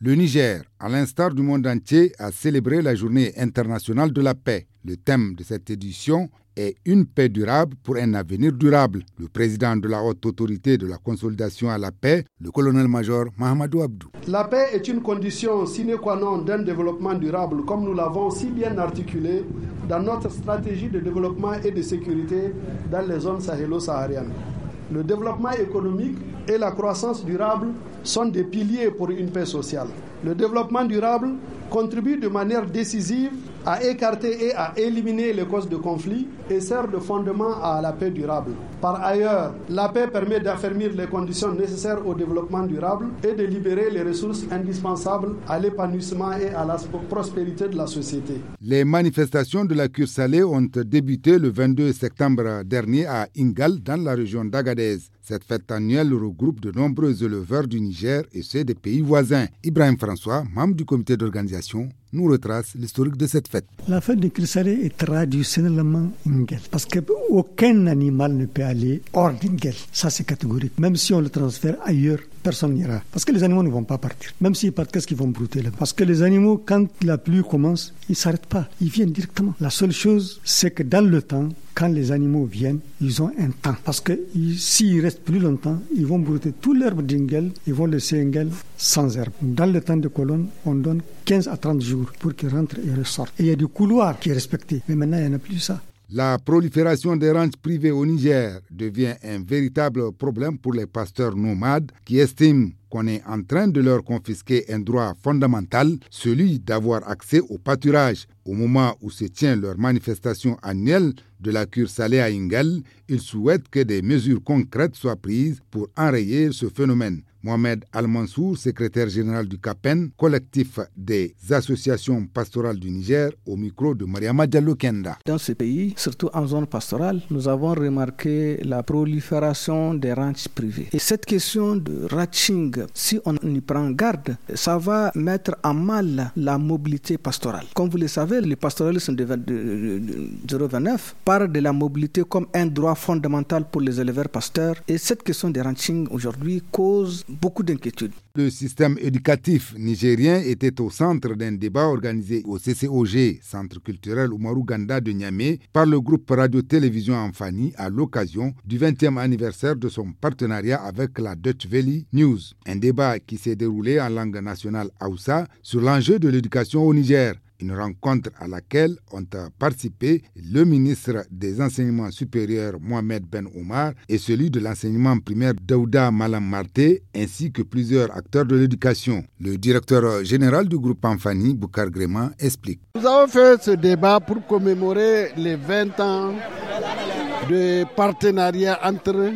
Le Niger, à l'instar du monde entier, a célébré la journée internationale de la paix. Le thème de cette édition est Une paix durable pour un avenir durable. Le président de la haute autorité de la consolidation à la paix, le colonel-major Mahamadou Abdou. La paix est une condition sine qua non d'un développement durable, comme nous l'avons si bien articulé dans notre stratégie de développement et de sécurité dans les zones sahélo-sahariennes. Le développement économique et la croissance durable sont des piliers pour une paix sociale. Le développement durable contribue de manière décisive à écarter et à éliminer les causes de conflits et sert de fondement à la paix durable. Par ailleurs, la paix permet d'affermir les conditions nécessaires au développement durable et de libérer les ressources indispensables à l'épanouissement et à la prospérité de la société. Les manifestations de la cure salée ont débuté le 22 septembre dernier à Ingal, dans la région d'Agadez. Cette fête annuelle regroupe de nombreux éleveurs du Niger et ceux des pays voisins. Ibrahim François, membre du comité d'organisation, nous retrace l'historique de cette fête. La fête de Kirsare est traditionnellement Ingel, parce qu'aucun animal ne peut aller hors d'Ingel. Ça, c'est catégorique. Même si on le transfère ailleurs, personne n'ira. Parce que les animaux ne vont pas partir. Même s'ils partent, qu'est-ce qu'ils vont brouter là Parce que les animaux, quand la pluie commence, ils ne s'arrêtent pas. Ils viennent directement. La seule chose, c'est que dans le temps, quand les animaux viennent, ils ont un temps. Parce que s'ils restent plus longtemps, ils vont brouter tout l'herbe d'Ingel, ils vont laisser Ingel sans herbe. Dans le temps de colonne, on donne 15 à 30 jours pour qu'ils rentrent et ressortent. Et il y a du couloir qui est respecté. Mais maintenant, il n'y en a plus ça. La prolifération des ranchs privées au Niger devient un véritable problème pour les pasteurs nomades qui estiment qu'on est en train de leur confisquer un droit fondamental, celui d'avoir accès au pâturage. Au moment où se tient leur manifestation annuelle de la cure salée à Ingel, ils souhaitent que des mesures concrètes soient prises pour enrayer ce phénomène. Mohamed Al-Mansour, secrétaire général du CAPEN, collectif des associations pastorales du Niger, au micro de Mariama Diallo Kenda. Dans ce pays, surtout en zone pastorale, nous avons remarqué la prolifération des ranchs privés. Et cette question de ranching, si on y prend garde, ça va mettre en mal la mobilité pastorale. Comme vous le savez, le sont de, 029 par de la mobilité comme un droit fondamental pour les éleveurs pasteurs. Et cette question des ranching aujourd'hui cause beaucoup d'inquiétudes. Le système éducatif nigérien était au centre d'un débat organisé au CCOG, Centre culturel Oumaruganda de Niamey, par le groupe Radio-Télévision Amfani à l'occasion du 20e anniversaire de son partenariat avec la Dutch Valley News. Un débat qui s'est déroulé en langue nationale Hausa sur l'enjeu de l'éducation au Niger une rencontre à laquelle ont participé le ministre des Enseignements supérieurs Mohamed Ben Omar et celui de l'enseignement primaire Daouda Malam Marté ainsi que plusieurs acteurs de l'éducation. Le directeur général du groupe Amfani, Boukar Gréman, explique. Nous avons fait ce débat pour commémorer les 20 ans de partenariat entre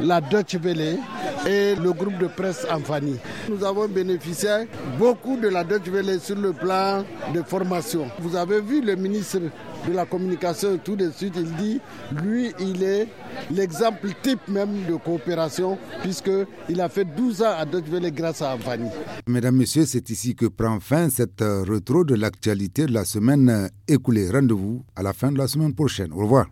la Deutsche Welle et le groupe de presse Amfani. Nous avons bénéficié beaucoup de la Deutsche Welle sur le plan de formation. Vous avez vu le ministre de la communication tout de suite, il dit, lui, il est l'exemple type même de coopération, puisqu'il a fait 12 ans à Deutsche Welle grâce à Avani. Mesdames, Messieurs, c'est ici que prend fin cette euh, retro de l'actualité de la semaine euh, écoulée. Rendez-vous à la fin de la semaine prochaine. Au revoir.